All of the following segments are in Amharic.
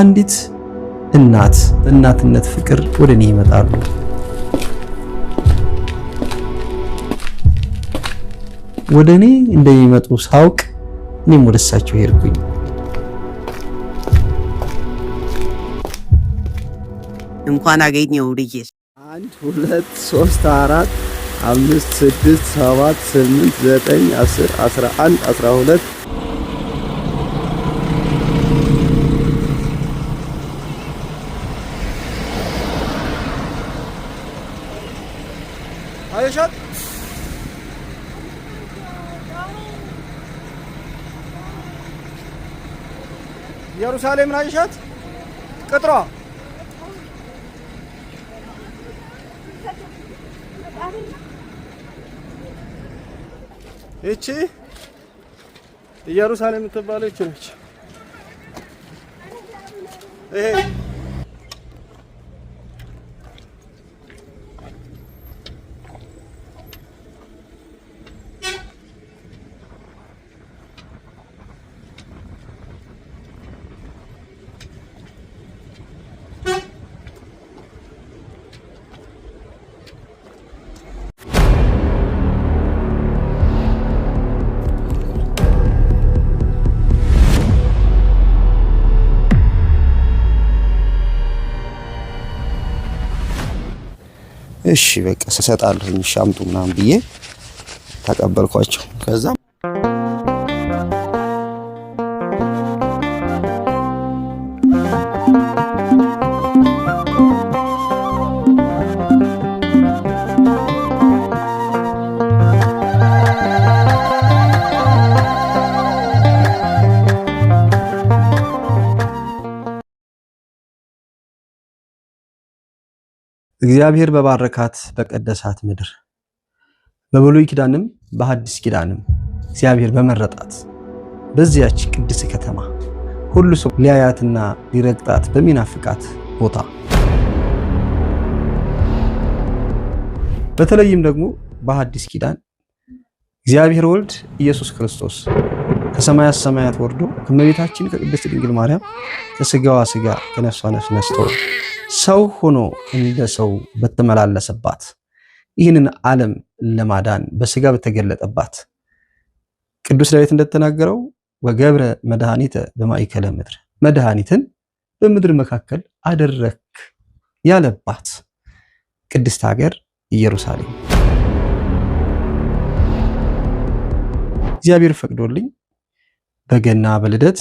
አንዲት እናት በእናትነት ፍቅር ወደ እኔ ይመጣሉ። ወደ እኔ እንደሚመጡ ሳውቅ እኔም ወደ እሳቸው ሄድኩኝ። እንኳን አገኘው ልዬ አንድ ሁለት ሶስት አራት አምስት ስድስት ሰባት ስምንት ዘጠኝ አስር አስራ አንድ አስራ ሁለት ኢየሩሳሌምን አይሻት ቅጥሯ ይቺ ኢየሩሳሌም የምትባለው ይቺ ነች። እሺ በቃ እሰጣለሁ፣ ሻምጡ ምናምን ብዬ ተቀበልኳቸው። ከዛም እግዚአብሔር በባረካት በቀደሳት ምድር በብሉይ ኪዳንም በሐዲስ ኪዳንም እግዚአብሔር በመረጣት በዚያች ቅድስ ከተማ ሁሉ ሰው ሊያያትና ሊረግጣት በሚናፍቃት ቦታ በተለይም ደግሞ በሐዲስ ኪዳን እግዚአብሔር ወልድ ኢየሱስ ክርስቶስ ከሰማያት ሰማያት ወርዶ ከእመቤታችን ከቅድስት ድንግል ማርያም ከስጋዋ ስጋ ከነፍሷ ነፍስ ነስቶ ሰው ሆኖ እንደ ሰው በተመላለሰባት ይህንን ዓለም ለማዳን በስጋ በተገለጠባት ቅዱስ ዳዊት እንደተናገረው ወገብረ መድኃኒተ በማእከለ ምድር መድኃኒትን በምድር መካከል አደረክ ያለባት ቅድስት ሀገር ኢየሩሳሌም እግዚአብሔር ፈቅዶልኝ በገና በልደት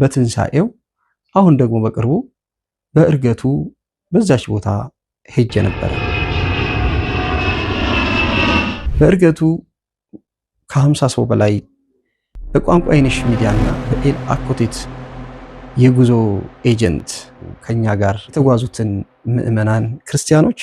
በትንሣኤው አሁን ደግሞ በቅርቡ በእርገቱ በዛች ቦታ ሄጄ ነበረ። በእርገቱ ከሀምሳ ሰው በላይ በቋንቋ አይነሽ ሚዲያና በኤል አኮቴት የጉዞ ኤጀንት ከኛ ጋር የተጓዙትን ምዕመናን ክርስቲያኖች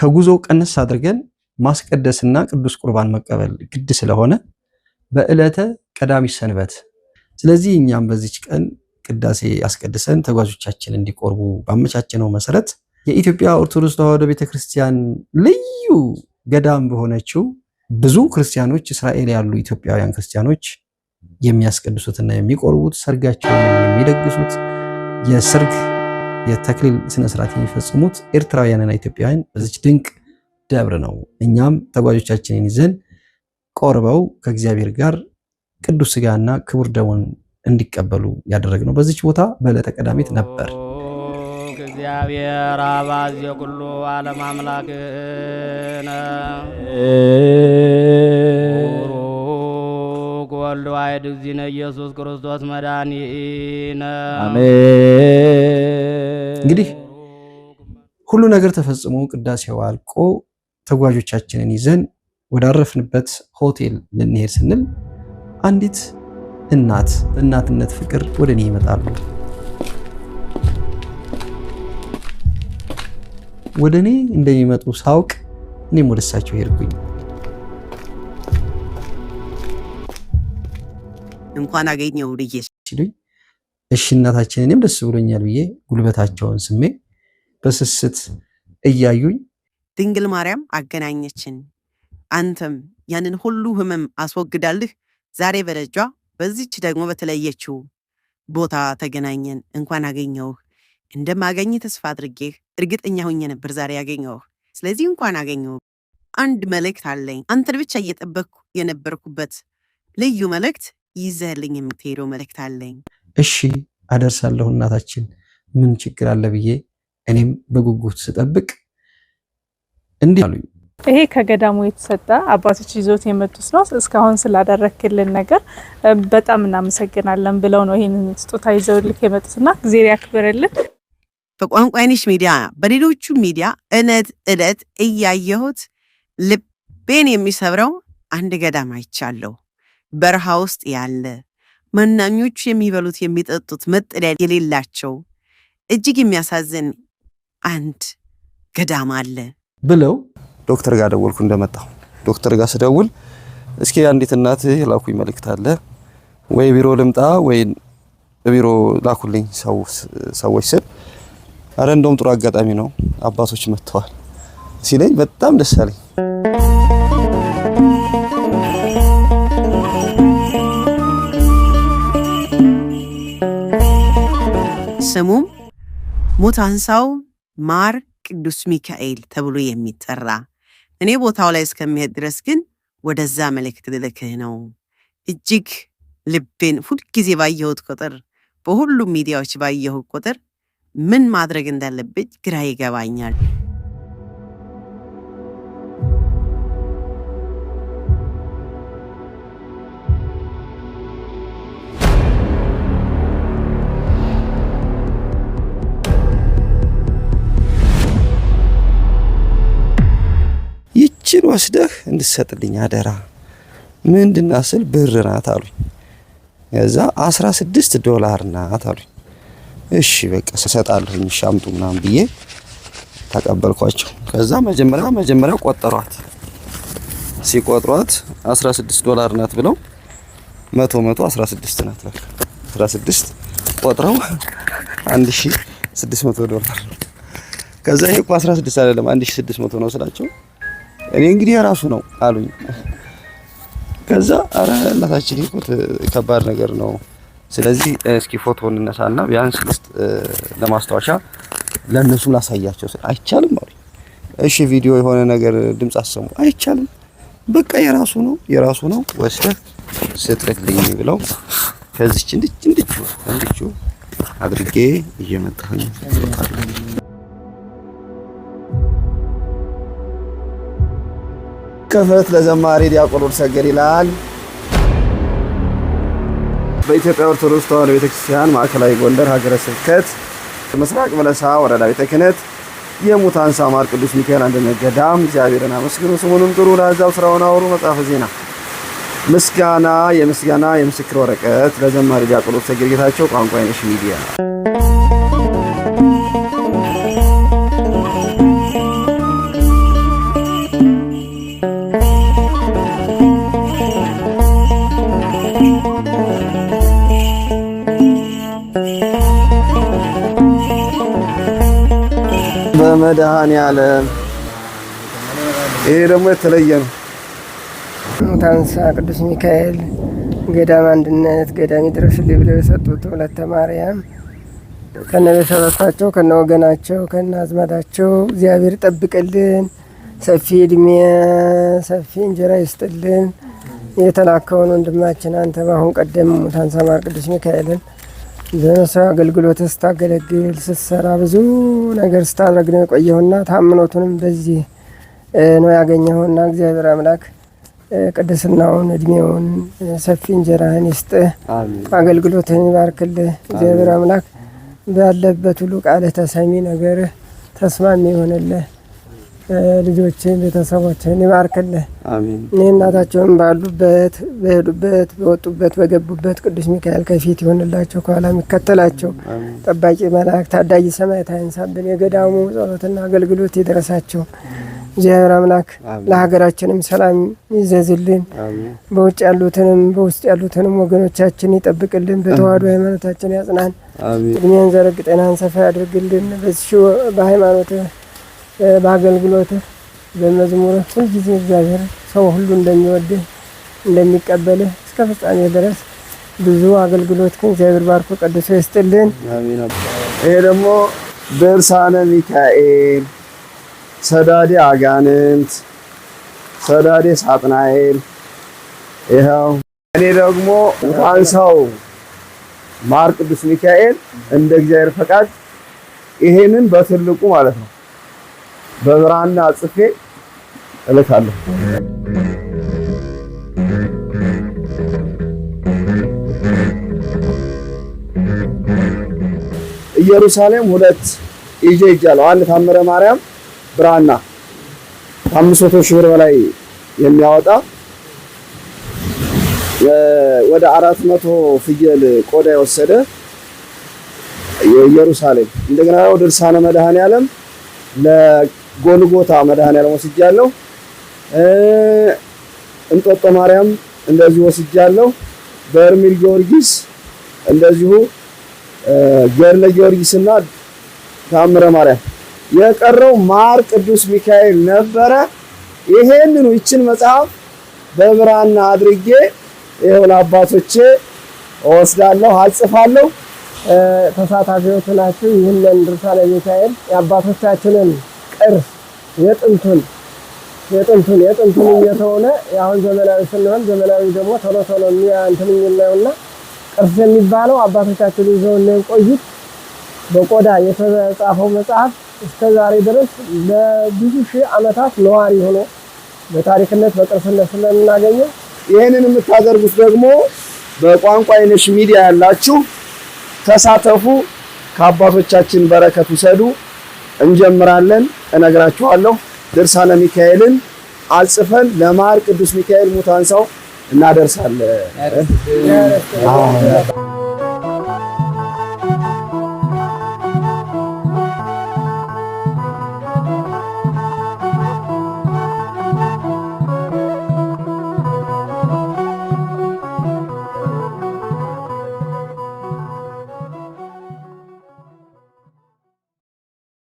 ከጉዞ ቀነስ አድርገን ማስቀደስና ቅዱስ ቁርባን መቀበል ግድ ስለሆነ በዕለተ ቀዳሚ ሰንበት ስለዚህ እኛም በዚች ቀን ቅዳሴ አስቀድሰን ተጓዦቻችን እንዲቆርቡ ባመቻቸነው መሰረት የኢትዮጵያ ኦርቶዶክስ ተዋሕዶ ቤተክርስቲያን ልዩ ገዳም በሆነችው ብዙ ክርስቲያኖች እስራኤል ያሉ ኢትዮጵያውያን ክርስቲያኖች የሚያስቀድሱትና የሚቆርቡት ሰርጋቸውን የሚደግሱት የሰርግ የተክሊል ስነስርዓት የሚፈጽሙት ኤርትራውያንና ኢትዮጵያውያን በዚች ድንቅ ደብር ነው። እኛም ተጓዦቻችንን ይዘን ቆርበው ከእግዚአብሔር ጋር ቅዱስ ስጋና ክቡር ደሙን እንዲቀበሉ ነው። በዚች ቦታ በዕለተ ቀዳሚት ነበር። እግዚአብሔር አባዝ የኩሉ ዓለም አምላክ ወልድ ዋሕድ እግዚእነ ኢየሱስ ክርስቶስ መድኃኒነ አሜን። እንግዲህ ሁሉ ነገር ተፈጽሞ ቅዳሴው አልቆ ተጓዦቻችንን ይዘን ወዳረፍንበት ሆቴል ልንሄድ ስንል አንዲት እናት በእናትነት ፍቅር ወደ እኔ ይመጣሉ። ወደ እኔ እንደሚመጡ ሳውቅ እኔም ወደ እሳቸው ሄድኩኝ። እንኳን አገኘው ልዬ ሲሉኝ እሺ እናታችን፣ እኔም ደስ ብሎኛል ብዬ ጉልበታቸውን ስሜ በስስት እያዩኝ ድንግል ማርያም አገናኘችን፣ አንተም ያንን ሁሉ ህመም አስወግዳልህ ዛሬ በደጇ በዚች ደግሞ በተለየችው ቦታ ተገናኘን። እንኳን አገኘሁህ እንደማገኝ ተስፋ አድርጌህ እርግጠኛ ሁኜ ነበር ዛሬ ያገኘሁህ። ስለዚህ እንኳን አገኘው አንድ መልእክት አለኝ። አንተን ብቻ እየጠበቅኩ የነበርኩበት ልዩ መልእክት ይዘህልኝ የምትሄደው መልእክት አለኝ። እሺ አደርሳለሁ እናታችን፣ ምን ችግር አለ ብዬ እኔም በጉጉት ስጠብቅ እንዲህ አሉኝ። ይሄ ከገዳሙ የተሰጠ አባቶች ይዞት የመጡት ነው። እስካሁን ስላደረክልን ነገር በጣም እናመሰግናለን ብለው ነው ይህንን ስጦታ ይዘውልክ የመጡትና እግዜር ያክብርልን። በቋንቋይንሽ ሚዲያ በሌሎቹ ሚዲያ እለት እለት እያየሁት ልቤን የሚሰብረው አንድ ገዳም አይቻለሁ። በረሃ ውስጥ ያለ መናኞቹ የሚበሉት የሚጠጡት መጠለያ የሌላቸው እጅግ የሚያሳዝን አንድ ገዳም አለ ብለው ዶክተር ጋር ደወልኩ እንደመጣሁ። ዶክተር ጋር ስደውል እስኪ አንዲት እናት ላኩኝ መልእክት አለ ወይ ቢሮ ልምጣ ወይ ቢሮ ላኩልኝ ሰዎች ስል አረ እንደውም ጥሩ አጋጣሚ ነው አባቶች መጥተዋል ሲለኝ በጣም ደስ አለኝ። ስሙም ሙታንሳው አንሳው ማር ቅዱስ ሚካኤል ተብሎ የሚጠራ እኔ ቦታው ላይ እስከሚሄድ ድረስ ግን ወደዛ መልእክት ልልክህ ነው። እጅግ ልቤን ሁልጊዜ ባየሁት ቁጥር፣ በሁሉም ሚዲያዎች ባየሁት ቁጥር ምን ማድረግ እንዳለብኝ ግራ ይገባኛል። ወስደህ እንድሰጥልኝ አደራ። ምንድና ስል ብር ናት አሉኝ። ከዛ 16 ዶላር ናት አሉኝ። እሺ በቃ ሰጣለሁኝ ሻምጡ ምናምን ብዬ ተቀበልኳቸው። ከዛ መጀመሪያ መጀመሪያ ቆጠሯት። ሲቆጥሯት 16 ዶላር ናት ብለው መቶ መቶ 16 ናት በቃ 16 ቆጥረው 1600 ዶላር። ከዛ ይሄ እኮ 16 አይደለም 1600 ነው ስላቸው እኔ እንግዲህ የራሱ ነው አሉኝ። ከዛ አረ እናታችን ይኮት ከባድ ነገር ነው። ስለዚህ እስኪ ፎቶውን እንነሳና ቢያንስ ልስጥ ለማስታወሻ ለእነሱም ላሳያቸው። አይቻልም አሉኝ። እሺ ቪዲዮ የሆነ ነገር ድምፅ አሰሙ። አይቻልም በቃ የራሱ ነው የራሱ ነው ወስደህ ስጥልኝ ብለው ከዚች እንድች እንድቹ እንድቹ አድርጌ እየመጣሁኝ ወጣለሁ። ክፍት ለዘማሪ ዲያቆን ሰገድ ይላል። በኢትዮጵያ ኦርቶዶክስ ተዋህዶ ቤተክርስቲያን ማዕከላዊ ጎንደር ሀገረ ስብከት ምስራቅ በለሳ ወረዳ ቤተ ክህነት የሙታን ሳማር ቅዱስ ሚካኤል አንድነት ገዳም እግዚአብሔርን አመስግኑ ስሙንም ጥሩ፣ ለአሕዛብ ስራውን አውሩ። መጽሐፈ ዜና ምስጋና የምስጋና የምስክር ወረቀት ለዘማሪ ዲያቆን ሰገድ ጌታቸው ቋንቋ አይነሽ ሚዲያ መድኃኔዓለም። ይሄ ደግሞ የተለየ ነው። ታንሳ ቅዱስ ሚካኤል ገዳም አንድነት ገዳም ይድረስልኝ ብለው የሰጡት ሁለተ ማርያም ከነ ቤተሰቦቻቸው ከነ ወገናቸው ከነ አዝማዳቸው እግዚአብሔር ይጠብቅልን፣ ሰፊ እድሜ ሰፊ እንጀራ ይስጥልን። የተላከውን ወንድማችን አንተ በአሁን ቀደም ታንሳ ማር ቅዱስ ሚካኤልን በሰው አገልግሎትህ ስታገለግል ስትሰራ ብዙ ነገር ስታደርግ ነው የቆየውና ታምኖቱንም በዚህ ነው ያገኘውና እግዚአብሔር አምላክ ቅድስናውን እድሜውን ሰፊ እንጀራህን ይስጥህ፣ አገልግሎትህን ይባርክልህ። እግዚአብሔር አምላክ ባለበት ሁሉ ቃለ ተሰሚ ነገርህ ተስማሚ ይሆንልህ። ልጆችን ቤተሰቦችን ይባርክልህ። ይህ እናታቸውን ባሉበት በሄዱበት በወጡበት በገቡበት ቅዱስ ሚካኤል ከፊት ይሆንላቸው፣ ከኋላ የሚከተላቸው ጠባቂ መልአክ ታዳጊ ሰማዕት አይንሳብን። የገዳሙ ጸሎትና አገልግሎት ይድረሳቸው። እግዚአብሔር አምላክ ለሀገራችንም ሰላም ይዘዝልን። በውጭ ያሉትንም በውስጥ ያሉትንም ወገኖቻችን ይጠብቅልን። በተዋህዶ ሃይማኖታችን ያጽናን። እድሜን ዘረግ ጤናን ሰፋ ያድርግልን። በዚሽ በሃይማኖት በአገልግሎትህ በመዝሙርህ ሁልጊዜ እግዚአብሔር ሰው ሁሉ እንደሚወድህ እንደሚቀበልህ እስከ ፍጻሜ ድረስ ብዙ አገልግሎት ግን እግዚአብሔር ባርኮ ቀድሶ ይስጥልን። ይሄ ደግሞ ድርሳነ ሚካኤል፣ ሰዳዴ አጋንንት፣ ሰዳዴ ሳጥናኤል። ይኸው እኔ ደግሞ እንኳን ሰው ማር ቅዱስ ሚካኤል እንደ እግዚአብሔር ፈቃድ ይሄንን በትልቁ ማለት ነው በብራና ጽፌ እልካለሁ። ኢየሩሳሌም ሁለት ይዤ ይጃለሁ። አንድ ታምረ ማርያም ብራና ከአምስት መቶ ሺህ ብር በላይ የሚያወጣ ወደ አራት መቶ ፍየል ቆዳ የወሰደ የኢየሩሳሌም እንደገና ደግሞ ድርሳነ ያለም ። ጎልጎታ መድኃኔዓለም ወስጃለሁ። እንጦጦ ማርያም እንደዚሁ ወስጃለሁ። በርሜል ጊዮርጊስ እንደዚሁ ገድለ ጊዮርጊስና ታምረ ማርያም የቀረው ማር ቅዱስ ሚካኤል ነበረ። ይሄንን ይችን መጽሐፍ በብራና አድርጌ ይሄው ለአባቶቼ እወስዳለሁ፣ አጽፋለሁ። ተሳታፊዎች ናችሁ። ይህንን ድርሳነ ሚካኤል የአባቶቻችንን ቅር የጥንቱን የጥንቱን የጥንቱን እየተሆነ አሁን ዘመናዊ ስንሆን ዘመናዊ ደግሞ ቶሎ ቶሎ እንትን የሚለውና ቅርስ የሚባለው አባቶቻችን ይዘውን የቆዩት በቆዳ የተጻፈው መጽሐፍ እስከ ዛሬ ድረስ ለብዙ ሺህ ዓመታት ነዋሪ ሆኖ በታሪክነት በቅርስነት ስለምናገኘው ይህንን የምታደርጉት ደግሞ በቋንቋ አይነሽ ሚዲያ ያላችሁ ተሳተፉ፣ ከአባቶቻችን በረከት ውሰዱ። እንጀምራለን። እነግራችኋለሁ። ድርሳነ ሚካኤልን አጽፈን ለማር ቅዱስ ሚካኤል ሙታንሳው እናደርሳለን።